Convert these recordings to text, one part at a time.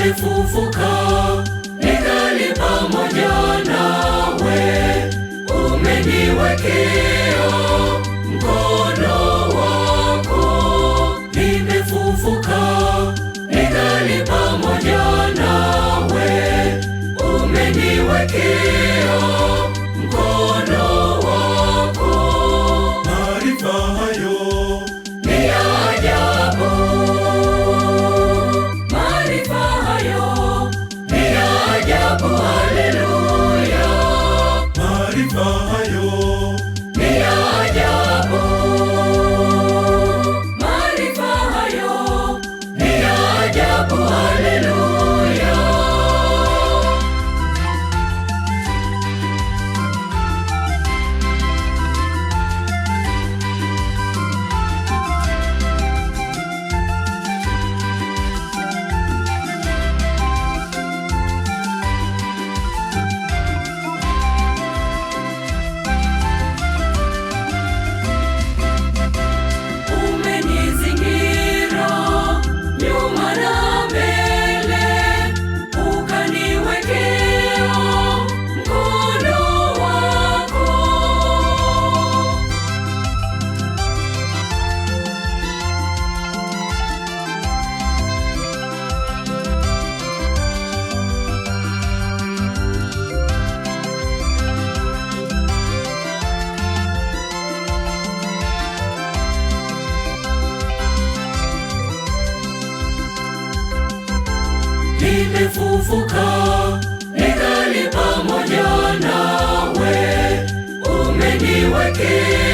nimefufuka, ningali pamoja nawe, umeniwekea mkono wako. Nimefufuka, ningali pamoja nawe, umeniwekea mkono nimefufuka, ningali pamoja nawe, umeniwekea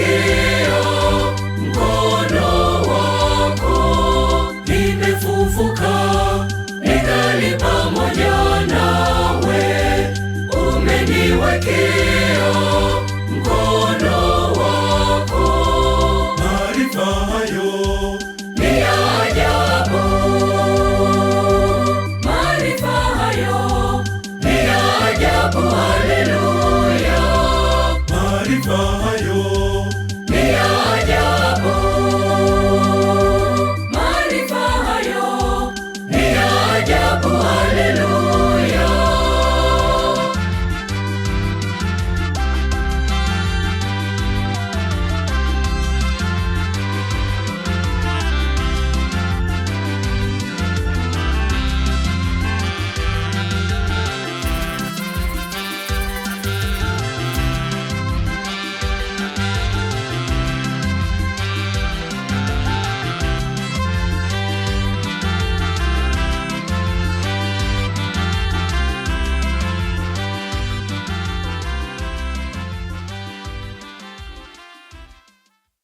Pokea mkono wako, nimefufuka, ningali pamoja nawe, umeniwekea mkono wako. Maarifa hayo hallelujah.